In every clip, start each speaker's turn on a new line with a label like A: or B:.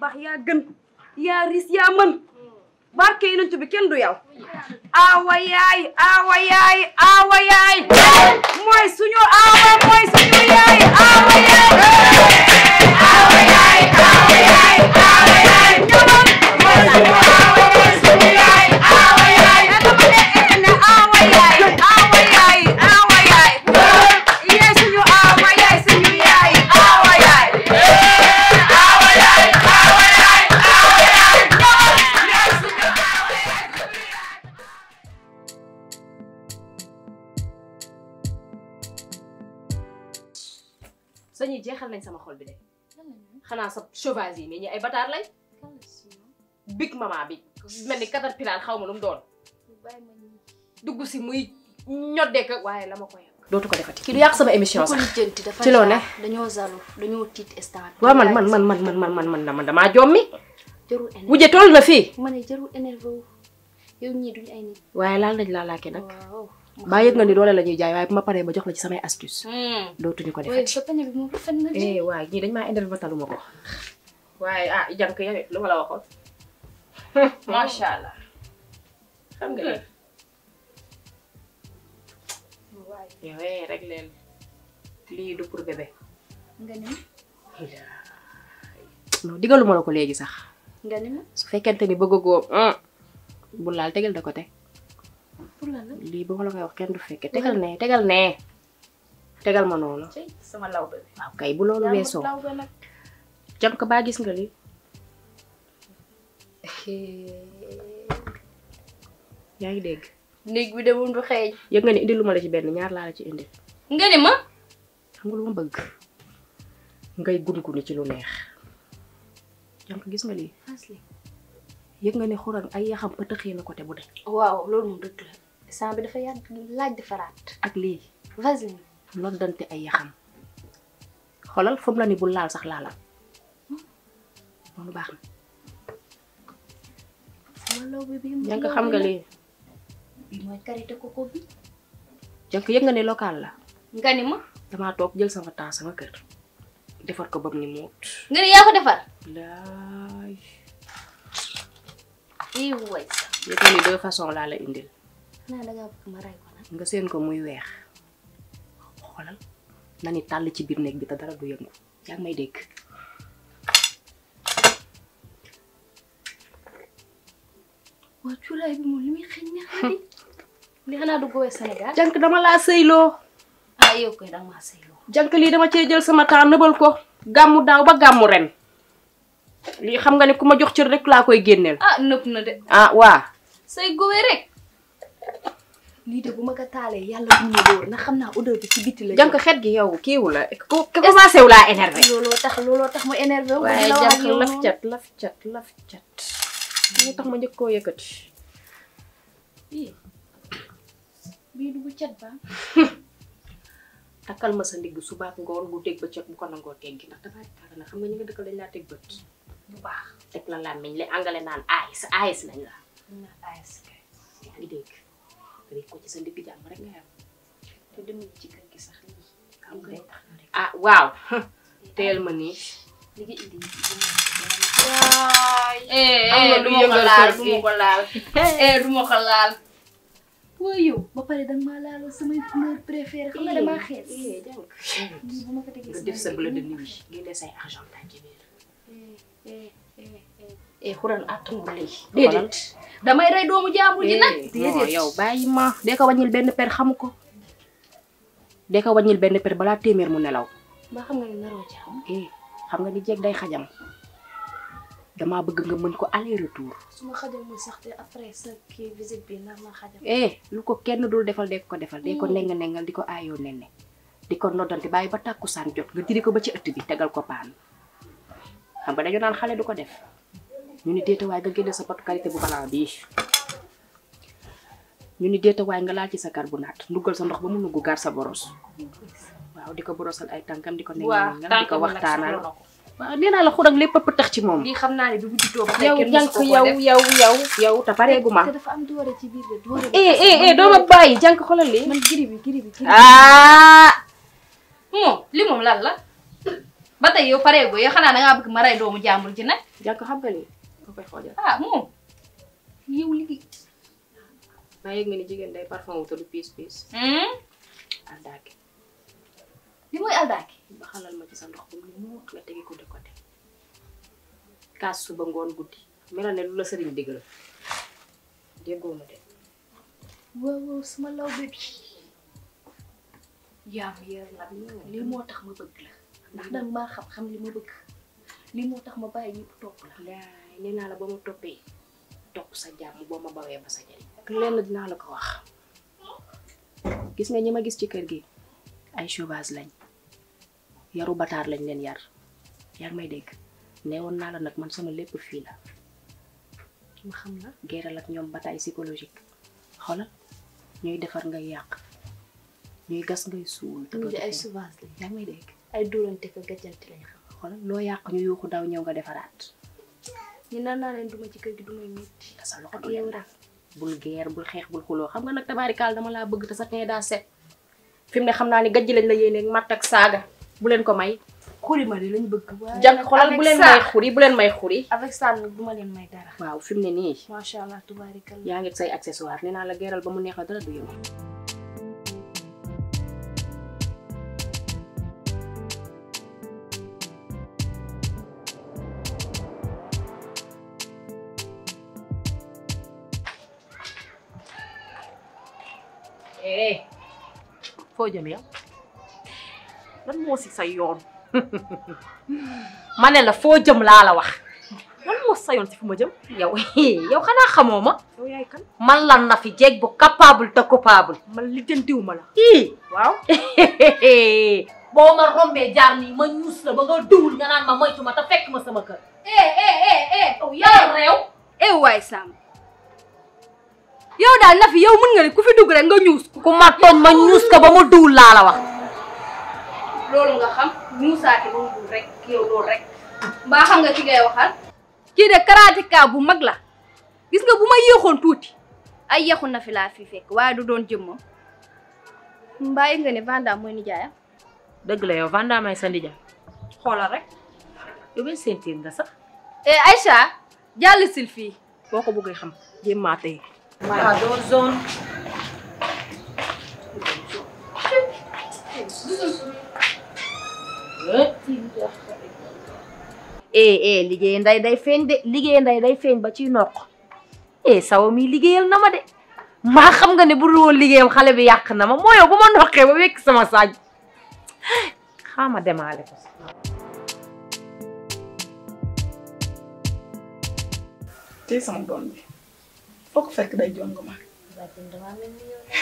A: baax yaa gën yaa riis yaa mën barke yonent bi kenn du yow aawa yaay aawa yaay aawa yaay mooy suñu aawa mooy suñu yaay aawa yaay aawa yaay aawa yaay aawa yaay xanaa sa chauffage yi mais ñi ay bataar lay big mama bi mel ni caterpillar xaw ma lu mu doon dugg si muy ñoddee ko waaye la ma ko yàq dootu ko defati kii du yàq sama émission sax ci loo ne dañoo zalu dañoo tiit instant waaw man man man man man man man man damaa jommi wujje toll na fi ma ne jarul énervé waaye laal nañ laalaake nag maa yëg nga ni doole lañuy jaay waye bu paré ba jox la ci samay astuce. dootuñu ko defee sa pañe bi moom rafet na eh waaye ñii dañ ma indal ba taluma ko. waaye ah jank yow luma la waxo ma sha allah. xam kan nga de. Ya? waaye ya, rek leen li du pour bébé. nga ni no iya. digaluma la ko léegi sax. nga ni ma su fekkante ni bëggo go hmm bu laal tegal da ko te pour lan lii bu la koy wax kenn du fekke tegal ne tegal ne tegal ma noonu. sama lawbe waaw kay bu loolu weesoo jam ko baa gis nga li yaa ngi dégg. néeg bi demoon bu xeeñ. yëg nga ne indi lu ma la ci benn ñaar laa la ci indi. nga ne ma. xam nga lu ma bëgg ngay gunguni ci lu neex jam ko gis nga lii. yëg nga ne xuraan ay yaxam pëtëxee na ko bu dee. waaw loolu la. sang bi dafa yàgg laaj defaraat. ak lii. vaseline. noddante ay yaxam xoolal fu la ni bu laal sax laalal loolu na. wala bi jànk xam nga lii. bii mooy karité koko bi. jànk yëg nga ne local la. nga ni ma. damaa toog jël sama temps sama kër. defar ko ba mu ni muut. nga ni yaa ko defar. laay. ii way. yëg nga ni deux laa la indil. xanaa da ngaa bëgg ma ray ko nag. nga seen ko muy weex xoolal na ni tàll ci biir néeg bi te dara du yëngu yaa ngi may dégg. waa cuuraay bi moom li muy xëy na xadi. li xanaa du góowee Sénégal. dama laa sëyloo. ah yow koy sëyloo. lii dama cee jël sama temps nëbal ko gàmmu daaw ba gàmmu ren. lii xam nga ne ku ma jox cër rek laa koy génneel. ah nëb na de. ah waa. say góowee rek lii de buma ma ko taalee yàlla bu ñu door ndax xam odeur bi ci biti la. jank xet gi yow kii wu la ku commencé wu laa énervé. looloo tax looloo tax mu énervé wu. waaye jank laf cat laf cat laf cat. moo tax ma njëkk koo yëkkati. bii bii du bu cat ba. takkal ma sa ndigg suba ak ngoon bu dégg ba cat bu ko ndax na xam nga nga dañ bu baax la naan nañ la. ngi dégg. après ko ci ah waaw teel ma nii li du ma ko laal du ma ko laal du ma ko laal waaye yow ba pare danga maa laaloo samay couleur nga def sa bleu de nuit génne say e eh, huran attumol ley déedéet damay rey doomu jaamu eh, ji nag déedéet yow bàyyi ma de ko wàññil benn per xamu ko de ko wàññil benn per balaa téeméer mu nelaw ba xam nga ni naroo jaam eh xam nga ni jeeg day xajam damaa bëgg nga mën ko aller retour su ma xajal muy sax te après sa kii visite bi na ma xajal eh lu ko kenn dul defal de ko defal de ko nenga nengal di ko aayoo nenne di ko noddante bàyyi ba tàkkusaan jot nga diri ko ba ci ëtt bi tegal ko paan xam nga dañu naan xale du def ñu ni déeta waay nga génne sa pot karité bu balaa bi ñu ni déeta waay nga laal ci sa carbonate nduggal sa ndox ba mu nugu gar sa boros waaw diko borosal ay tankam diko ko nga diko ko waxtaanal waaw neena la xur lepp lépp tax ci mom lii xamna ni bu bi mu juddoo ba tey kenn musu ko yow yow yow yow te pareegu ma. dafa am doore ci biir de doore. eh eh eh do ma bayyi jank xolal li man giri bi giri bi ah mo hmm, li mom lan la ba tey yow pareegu yow ya, xanaa da nga bëgg ma rey doomu jàmbur ci nak jànk xam nga lii. Ah, moom yow liggéey. maa yëg ma ni jigéen day parfum wu te du piis piis. Hmm? aldaaki. li mooy aldaaki. ba xalal ma ci sa ndox mi mu wax nga ngoon guddi. mel ne lu la ma la hmm. lii moo tax ma bëgg la. ndax danga maa xam li ma bëgg. lii moo tax ma bàyyi ñëpp topp la. nee naa la ba mu toppee topp sa jàmm boo ma bawee ba sa njariñ lenn dinaa la ko wax gis nga ñi ma gis ci kër gi ay chauvages lañ yaru bataar lañ leen yar yaa may dégg woon naa la nag man sama lépp fii la ma xam na geeral ak ñoom bataille psychologique xoolal ñuy defar ngay yàq ñuy gas ngay suul. te ay chauvages lañ yaa ngi may dégg. ay duurante ka gàjjanti lañ xam. xoolal loo yàq ñu yuuxu daw ñëw nga defaraat. ñu naan naa leen duma ci kër gi du may métti. te sa loxo du yow rek bul geer bul xeex bul xuloo xam nga nag tabaarikaal dama laa bëgg ta sa tee daa set. fi mu ne xam naa ne gajj lañ la yéene ak ak saaga bu leen ko may. xuri ma de lañ bëgg. waaye nag xoolal bu leen may xuri bu leen may xuri. avec ça nag du ma leen may dara. waaw fi ne nii. macha allah tabaarikaal yaa ngi say accessoire ne naa la geeral ba mu neex la dara du yow. foo jëm yow lan moo si sa yoon ne la foo jëm laa la wax lan moo sa yoon fu ma jëm yow yow xanaa xamoo ma man lan na fi jeeg bu capable te coupable man li dandiw ma la boo ma rombee jaar ma ñuus la ba nga duwul nga ma moytu ma te fekk ma sama kër eh eh eh eh, eh waay Sam yow daal na yow mën nga ne ku fi dugg rek nga ñuus ku ma ma ñuus ko ba ma duul laa la wax loolu nga xam ñuusaate ba mu duul rek yow loolu rek mbaa xam nga ki ngay waxal kii de karateka bu mag la gis nga bu ma yéexoon tuuti ay yéexu na fi laa fi fekk waaye du doon jëmmam mbaa yëg nga ne Vanda mooy nijaayam dëgg la yow Vanda may sa nijaay xoolal rek yow benn sentir nga sax eh, Aïcha jàll sil fii boo ko bëggee xam jéem tey Mai. Pardon, ee eh, ee eh, liggéey nday day feeñ de liggéey nday day feeñ ba ciy noq ee eh, sawa mi liggéeyal na ma de maa xam nga ne bu dul woon xale bi yàq na ma moo yow bu ma noqee ba wekk sama saaj
B: xaama demaale ko tey foo fekk day jong ma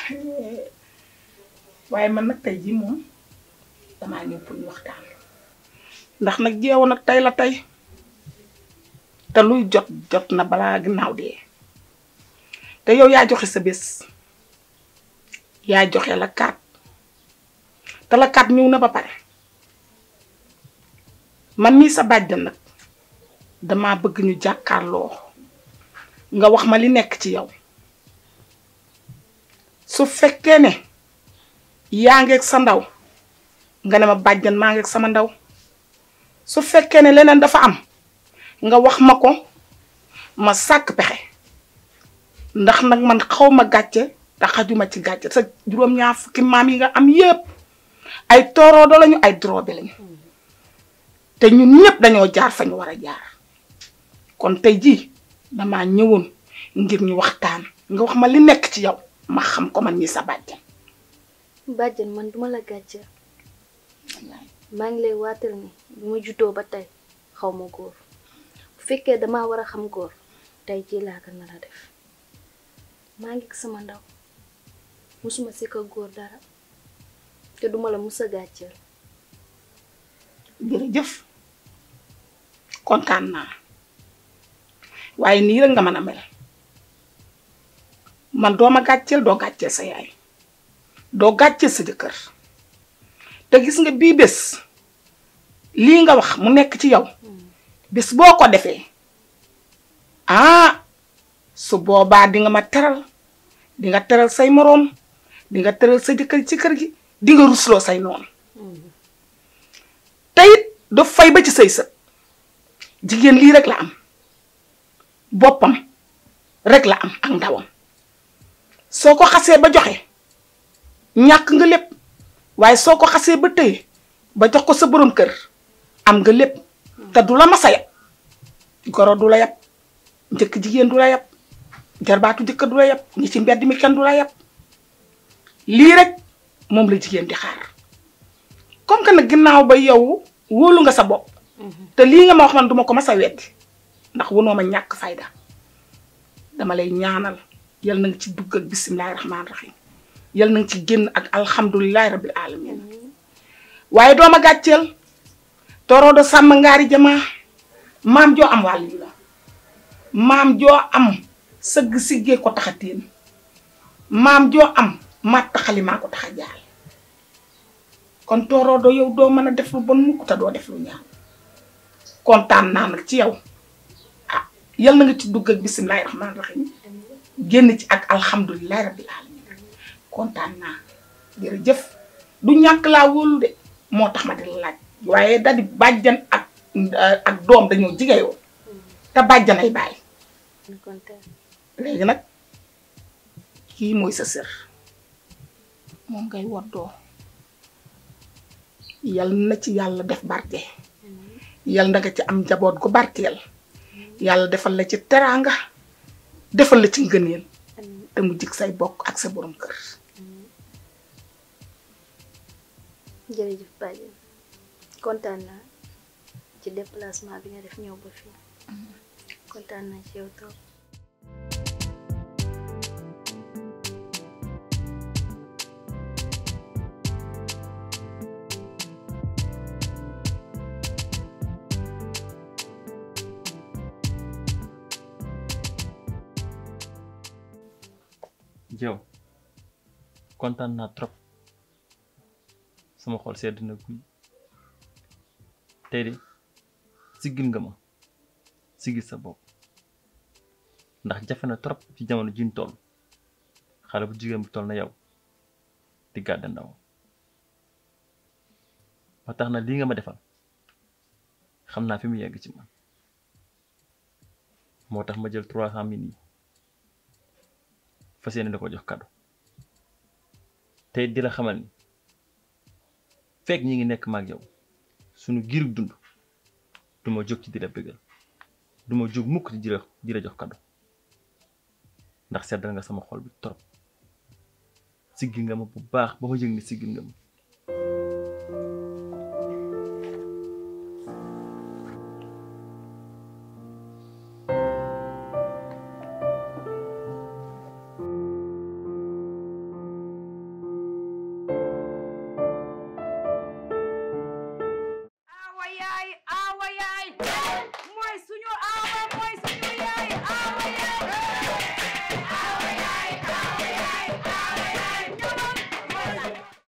B: waaye man nag tey jii moom damaa ñëw pour ñu waxtaan ndax nag jeewu nag tey la tey te luy jot jot na balaa ginnaaw dee te yow yaa joxe sa bés yaa joxe la kaat te la kaat ñëw na ba pare man mii sa bàjjan nag damaa bëgg ñu jàkkaarloo. nga wax ma li nekk ci yow su fekkee ne yaa ngeeg sa ndaw nga ne ma bàjjan maa ngeeg sama ndaw su fekkee ne leneen dafa am nga wax ma ko ma sàkk pexe ndax nag man xaw ma gàcce te xajuma ci gàcce sa juróom-ñaar fukki maam yi nga am yépp ay tooroodo lañu ay drobe lañu te ñun ñëpp dañoo jaar fa ñu war a jaar kon tey jii dama ñëwoon ngir ñu waxtaan nga wax ma li nekk ci yow ma xam ko man mi sa
A: man duma la gàcce maa ngi lay waatal ni bi ma juddoo ba tey xaw ma góor bu fekkee dama war a xam góor tey ci laa gën nar def maa ngi sama ndaw musuma si ko góor dara te duma la mus a gàcceel
B: jërëjëf kontaan waye ni rek nga mëna mel man do ma gatchel do gatché sa yaay do gatché sa jëkkër te gis nga bi bés li nga wax mu nekk ci yow bés boko ko ah su boba di nga ma téral di nga téral say morom di nga téral sa jëkkër ci kër gi di nga ruslo say non tayit do fay ba ci sey jigen li rek la am. Bopam, rek la am ak ndawam soko xasse ba joxe ñak nga lepp waye soko xasse ba tey ba jox ko sa borom kër am nga lepp ta du la masa yab goro du la yab njëkk jigen du la yab jarbaatu jëkkër du la yab ni ci mbedd mi kenn du la li rek mom la jigen di xaar comme que nak ba yow wolu nga sa bop mm-hmm. te li nga ma wax man duma ko massa ndax wu wunoo ma ñàkk fayda dama lay ñaanal yal na ci dugg ak bisimilahi rahmaani rahim yal na ci génn ak alhamdulilahi rabil alamin waaye dooma gàcceel toroo do sàmm ngaari jamaa maam joo am wàll la maam joo am sëgg siggee maam joo am maat taxali maa ko tax jaal kon toroo do yow doo mën a def lu bon mukk te doo def lu ñaaw kontaan naa nag ci yow yal na nga ci dugg ak bisimilahi rahmaani rahim génn ci ak alhamdulilahi rabbil alamin kontaan naa jërëjëf du ñàkk laa wóolu de moo tax ma di la laaj waaye da di bàjjan ak eh, doom dañoo jigéeyoo te bàjjan ay bàyyi léegi nag kii mooy sa sër moom ngay woddoo yal na ci yàlla def barke yal na nga ci am njaboot gu barkeel yàlla defal la ci teraanga defal la ci ngëneel te mu jig say bokk ak sa borom kër.
A: jërëjëf Badiane kontaan naa ci déplacement bi nga def ñëw ba fii kontaan naa ci yow yow kontaan naa trop sama xol sedd na guy te de siggil nga ma siggil sa bopp ndax jafe na trop ci jamono jiñ toll xale bu jigéen bu toll na yow di gàdda ndaw ba tax na lii nga ma defal xam naa fi mu yegg ci man moo tax ma jël trois cent mille yi fasiyene da ko jox cadeau te di la xamal ni fek ñi ngi nekk maag yow suñu giir dund duma ma ci di la bëggal duma ma mukk ci di la jox cadeau ndax sédal nga sama xol bi torop siggil nga ma bu baax ba ma ni siggil nga ma